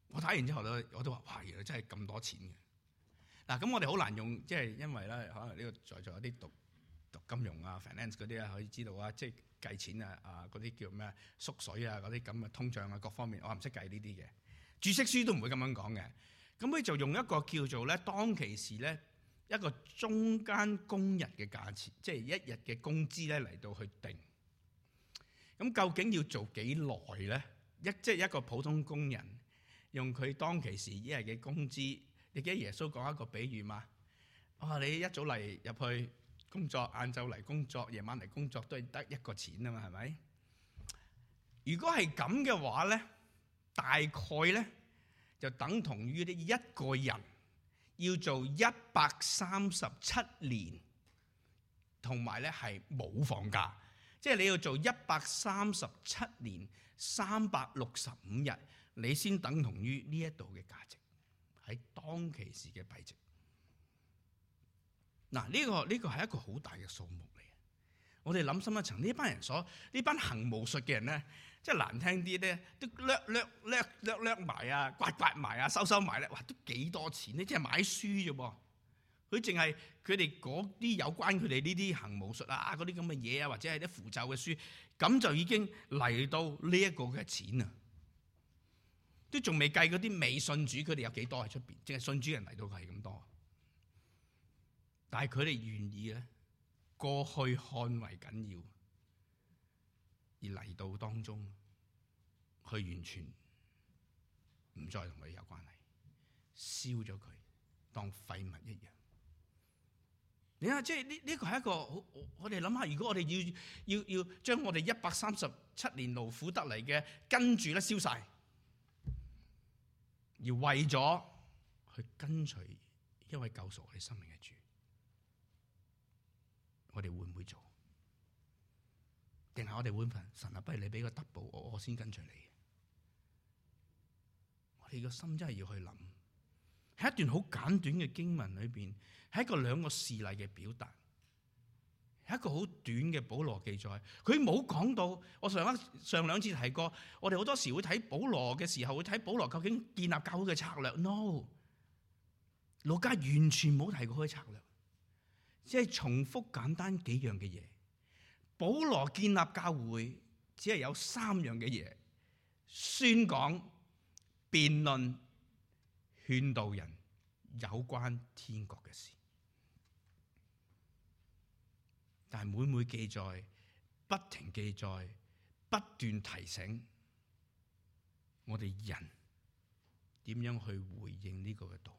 我睇完之後咧，我都話：哇！原來真係咁多錢嘅。嗱、啊，咁我哋好難用，即係因為咧，可能呢個在座有一啲讀讀金融啊、Finance 嗰啲啊，可以知道啊，即係計錢啊、啊嗰啲叫咩縮水啊、嗰啲咁嘅通脹啊，各方面我唔識計呢啲嘅。注釋書都唔會咁樣講嘅。咁佢就用一個叫做咧，當其時咧。一個中間工人嘅價錢，即係一日嘅工資咧嚟到去定。咁究竟要做幾耐咧？一即係一個普通工人用佢當其時一日嘅工資，你記得耶穌講一個比喻嗎？我話你一早嚟入去工作，晏晝嚟工作，夜晚嚟工作，都係得一個錢啊嘛，係咪？如果係咁嘅話咧，大概咧就等同於你一個人。要做一百三十七年，同埋咧係冇放假，即係你要做一百三十七年三百六十五日，你先等同於呢一度嘅價值喺當其時嘅幣值。嗱，呢個呢個係一個好大嘅數目嚟嘅。我哋諗深一層，呢班人所呢班行巫術嘅人咧。即係難聽啲咧，都掠掠掠掠掠埋啊，刮刮埋啊，收收埋咧，哇！都幾多錢呢？即係買書啫噃，佢淨係佢哋嗰啲有關佢哋呢啲行巫術啊、嗰啲咁嘅嘢啊，或者係啲符咒嘅書，咁就已經嚟到呢一個嘅錢啊！都仲未計嗰啲未信主佢哋有幾多喺出邊，即係信主人嚟到係咁多。但係佢哋願意啊，過去看為緊要。而嚟到當中，佢完全唔再同佢有關係，燒咗佢當廢物一樣。你睇下，即係呢呢個係一個好我哋諗下，如果我哋要要要將我哋一百三十七年勞苦得嚟嘅跟住咧燒晒，而為咗去跟隨一位救贖我哋生命嘅主，我哋會唔會做？定係我哋本份？神啊，不如你俾個 double，我我先跟住你。我哋個心真係要去諗，喺一段好簡短嘅經文裏邊，係一個兩個事例嘅表達，係一個好短嘅保羅記載。佢冇講到，我上一上兩次提過，我哋好多時會睇保羅嘅時候會睇保羅究竟建立教會嘅策略。No，路加完全冇提過佢嘅策略，即係重複簡單幾樣嘅嘢。保羅建立教會，只係有三樣嘅嘢：宣講、辯論、勸導人有關天國嘅事。但係每每記載、不停記載、不斷提醒我哋人點樣去回應呢個嘅道。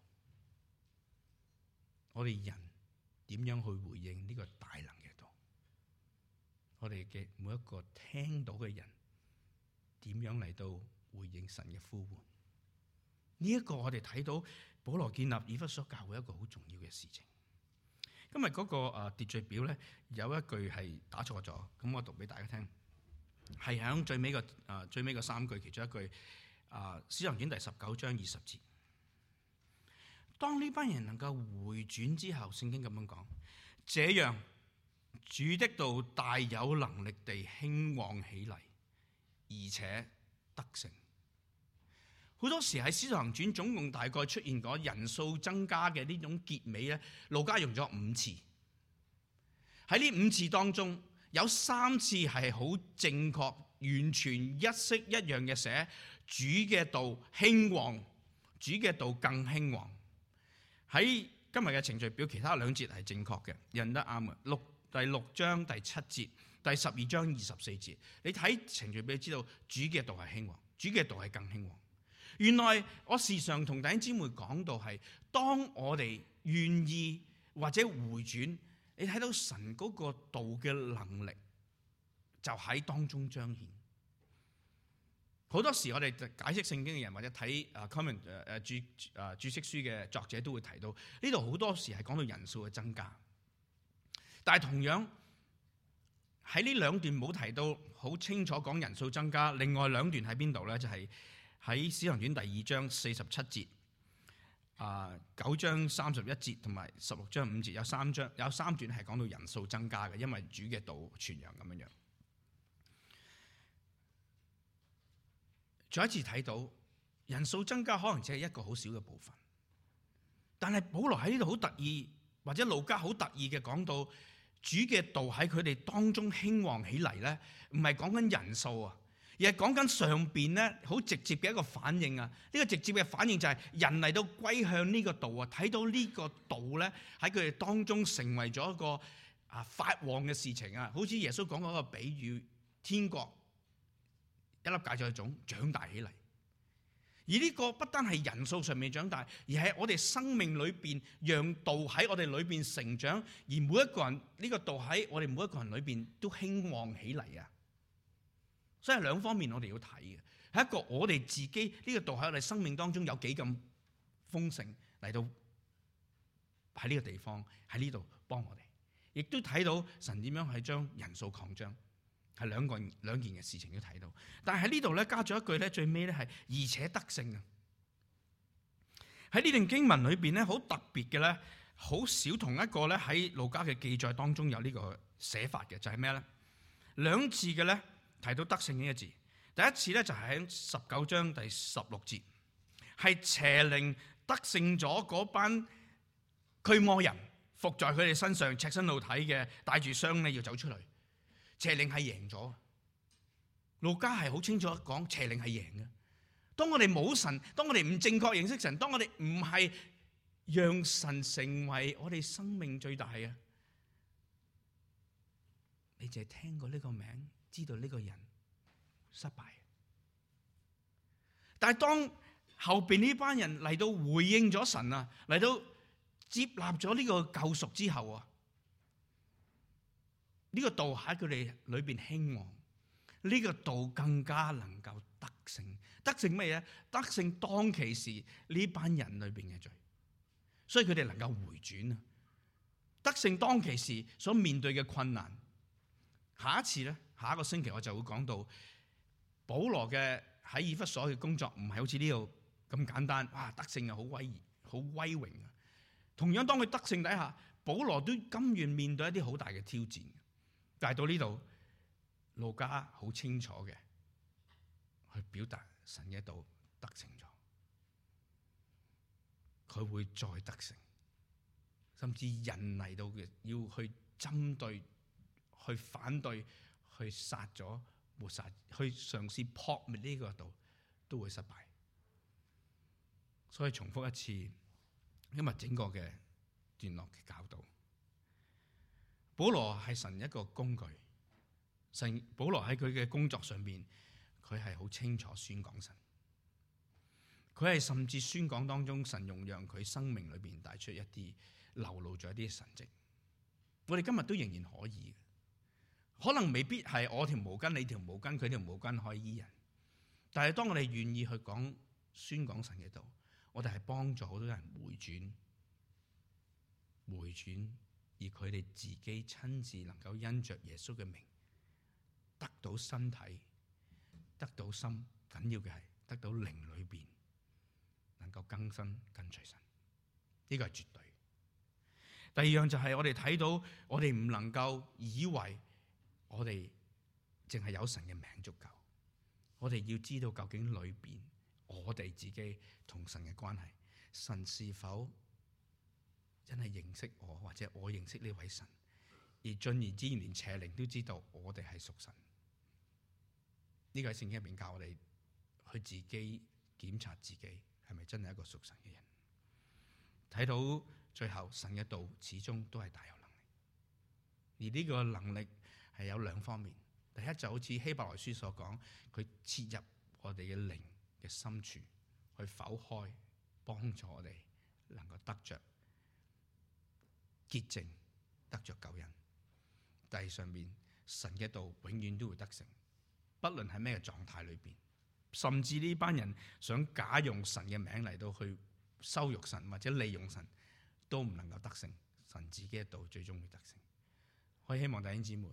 我哋人點樣去回應呢個大能？我哋嘅每一個聽到嘅人，點樣嚟到回應神嘅呼喚？呢、這、一個我哋睇到保羅建立以弗所教會一個好重要嘅事情。今日嗰個啊秩序表咧有一句係打錯咗，咁我讀俾大家聽，係響最尾個啊最尾個三句其中一句啊《使徒行傳》第十九章二十節。當呢班人能夠回轉之後，聖經咁樣講，這樣。主的道大有能力地興旺起嚟，而且得勝。好多時喺《使行傳》總共大概出現過人數增加嘅呢種結尾咧，路加用咗五次。喺呢五次當中，有三次係好正確，完全一式一樣嘅寫主嘅道興旺，主嘅道更興旺。喺今日嘅程序表，其他兩節係正確嘅，印得啱嘅六。第六章第七節，第十二章二十四節，你睇程序俾你知道，主嘅道係興旺，主嘅道係更興旺。原來我時常同弟兄姊妹講到係，當我哋願意或者回轉，你睇到神嗰個道嘅能力就喺當中彰顯。好多時我哋解釋聖經嘅人或者睇啊、uh, comment 誒誒註啊註釋書嘅作者都會提到，呢度好多時係講到人數嘅增加。但係同樣喺呢兩段冇提到好清楚講人數增加，另外兩段喺邊度呢？就係喺《使徒行傳》第二章四十七節啊、呃，九章三十一節同埋十六章五節，有三章有三段係講到人數增加嘅，因為主嘅道傳揚咁樣樣。再一次睇到人數增加，可能只係一個好少嘅部分，但係保羅喺呢度好特意或者路加好特意嘅講到。主嘅道喺佢哋當中興旺起嚟咧，唔係講緊人數啊，而係講緊上邊咧好直接嘅一個反應啊。呢、這個直接嘅反應就係人嚟到歸向呢個道啊，睇到呢個道咧喺佢哋當中成為咗一個啊發旺嘅事情啊。好似耶穌講嗰個比喻，天國一粒芥菜種長大起嚟。而呢個不單係人數上面長大，而係我哋生命裏邊讓道喺我哋裏邊成長，而每一個人呢個道喺我哋每一個人裏邊都興旺起嚟啊！所以兩方面我哋要睇嘅，係一個我哋自己呢個道喺我哋生命當中有幾咁豐盛嚟到喺呢個地方喺呢度幫我哋，亦都睇到神點樣係將人數擴張。係兩個人兩件嘅事情都睇到，但係喺呢度咧，加咗一句咧，最尾咧，係而且得勝嘅。喺呢段經文裏邊咧，好特別嘅咧，好少同一個咧喺路加嘅記載當中有呢個寫法嘅，就係咩咧？兩次嘅咧提到得勝呢個字，第一次咧就係喺十九章第十六節，係邪靈得勝咗嗰班驅魔人，伏在佢哋身上赤身露體嘅，帶住傷咧要走出嚟。邪靈係贏咗，路加係好清楚講邪靈係贏嘅。當我哋冇神，當我哋唔正確認識神，當我哋唔係讓神成為我哋生命最大嘅，你淨係聽過呢個名，知道呢個人失敗。但係當後邊呢班人嚟到回應咗神啊，嚟到接納咗呢個救贖之後啊。呢、這個道喺佢哋裏邊興旺，呢、這個道更加能夠得勝。得勝咩嘢？得勝當其時呢班人裏邊嘅罪，所以佢哋能夠回轉啊！得勝當其時所面對嘅困難，下一次咧，下一個星期我就會講到保羅嘅喺以弗所嘅工作，唔係好似呢度咁簡單。哇，得勝又好威儀，好威榮啊！同樣當佢得勝底下，保羅都甘願面對一啲好大嘅挑戰。嚟到呢度，路加好清楚嘅，去表達神嘅道得勝咗，佢會再得勝，甚至人嚟到嘅要去針對、去反對、去殺咗、抹殺、去嘗試破滅呢個道，都會失敗。所以重複一次，今日整個嘅段落嘅教導。保羅係神一個工具，神保羅喺佢嘅工作上面，佢係好清楚宣講神，佢係甚至宣講當中神容讓佢生命裏邊帶出一啲流露咗一啲神蹟。我哋今日都仍然可以，可能未必係我條毛巾你條毛巾佢條毛巾可以醫人，但係當我哋願意去講宣講神嘅道，我哋係幫助好多人回轉，回轉。而佢哋自己親自能夠因着耶穌嘅名得到身體，得到心，緊要嘅係得到靈裏邊能夠更新跟隨神，呢個係絕對。第二樣就係我哋睇到，我哋唔能夠以為我哋淨係有神嘅名足夠，我哋要知道究竟裏邊我哋自己同神嘅關係，神是否？真係認識我，或者我認識呢位神，而進而之言連邪靈都知道我哋係屬神。呢個聖經入面教我哋去自己檢查自己係咪真係一個屬神嘅人。睇到最後，神嘅道始終都係大有能力，而呢個能力係有兩方面。第一就好似希伯來書所講，佢切入我哋嘅靈嘅深處，去剖開幫助我哋能夠得着。潔淨得着救人。但係上面神嘅道永遠都會得勝，不論喺咩嘅狀態裏邊，甚至呢班人想假用神嘅名嚟到去羞辱神或者利用神，都唔能夠得勝。神自己嘅道最終會得勝。我希望弟兄姊妹，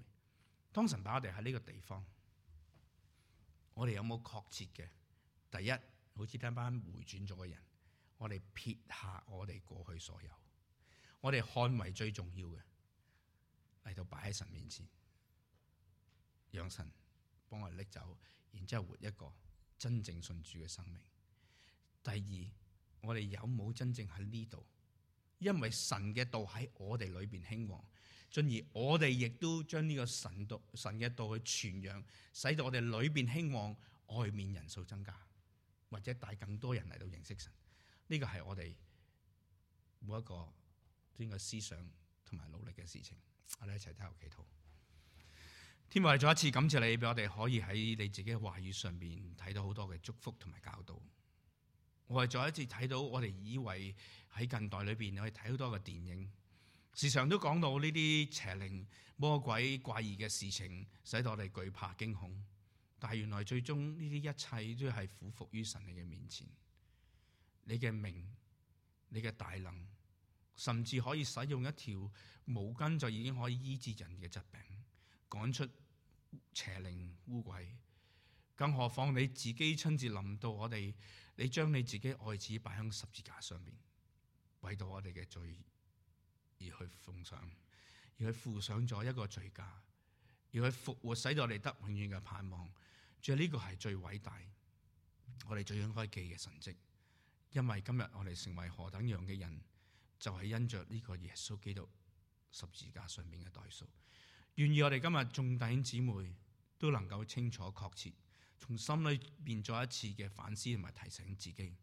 當神把我哋喺呢個地方，我哋有冇確切嘅？第一，好似呢班回轉咗嘅人，我哋撇下我哋過去所有。我哋捍衛最重要嘅，嚟到擺喺神面前，讓神幫我拎走，然之後活一個真正信主嘅生命。第二，我哋有冇真正喺呢度？因為神嘅道喺我哋裏邊興旺，進而我哋亦都將呢個神道、神嘅道去傳揚，使到我哋裏邊興旺，外面人數增加，或者帶更多人嚟到認識神。呢、這個係我哋每一個。啲嘅思想同埋努力嘅事情，我哋一齊低頭祈禱。天父，再一次感謝你，俾我哋可以喺你自己嘅話語上邊睇到好多嘅祝福同埋教導。我係再一次睇到，我哋以為喺近代裏邊可以睇好多嘅電影，時常都講到呢啲邪靈、魔鬼、怪異嘅事情，使到我哋懼怕驚恐。但係原來最終呢啲一切都係俯伏，伏於神你嘅面前，你嘅名，你嘅大能。甚至可以使用一條毛巾，就已經可以醫治人嘅疾病，趕出邪靈、污鬼。更何況你自己親自臨到我哋，你將你自己愛子擺喺十字架上面，為到我哋嘅罪而去奉上，而去付上咗一個罪價，而去復活，使到我哋得永遠嘅盼望。仲有呢個係最偉大，我哋最應該記嘅神跡，因為今日我哋成為何等樣嘅人。就係因着呢個耶穌基督十字架上面嘅代數，願意我哋今日眾弟兄姊妹都能夠清楚確切，從心裏面再一次嘅反思同埋提醒自己，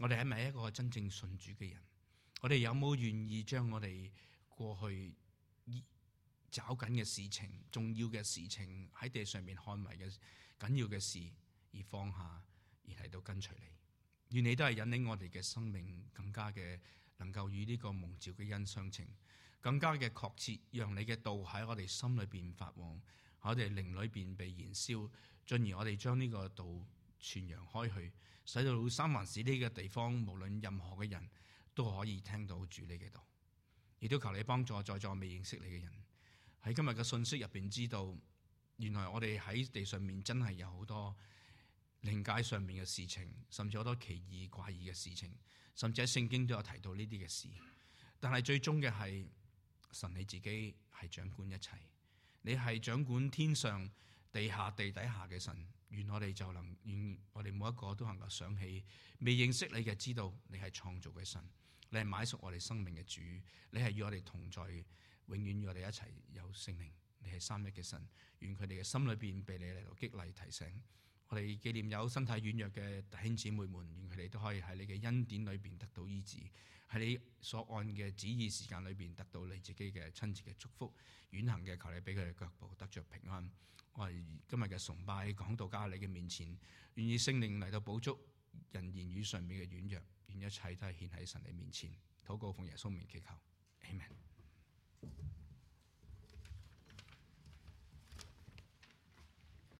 我哋係咪一個真正信主嘅人？我哋有冇願意將我哋過去找緊嘅事情、重要嘅事情喺地上面看埋嘅緊要嘅事而放下，而嚟到跟隨你？願你都係引領我哋嘅生命更加嘅。能夠與呢個蒙召嘅恩相稱，更加嘅確切，讓你嘅道喺我哋心裏邊發旺，我哋靈裏邊被燃燒，進而我哋將呢個道傳揚開去，使到三藩市呢個地方，無論任何嘅人都可以聽到主你嘅道，亦都求你幫助在座未認識你嘅人，喺今日嘅信息入邊知道，原來我哋喺地上面真係有好多靈界上面嘅事情，甚至好多奇異怪異嘅事情。甚至喺聖經都有提到呢啲嘅事，但係最終嘅係神你自己係掌管一切，你係掌管天上、地下、地底下嘅神。願我哋就能，願我哋每一個都能夠想起未認識你嘅，知道你係創造嘅神，你係買贖我哋生命嘅主，你係與我哋同在，永遠與我哋一齊有聖靈，你係三一嘅神。願佢哋嘅心裏面被你嚟到激勵提醒。我哋紀念有身體軟弱嘅弟兄姊妹們，願佢哋都可以喺你嘅恩典裏面得到醫治，喺你所按嘅旨意時間裏面，得到你自己嘅親切嘅祝福。遠行嘅，求你俾佢哋腳步得着平安。我哋今日嘅崇拜講到加利嘅面前，願意聖靈嚟到補足人言語上面嘅軟弱，願一切都係獻喺神嘅面前，禱告奉耶穌名祈求，Amen。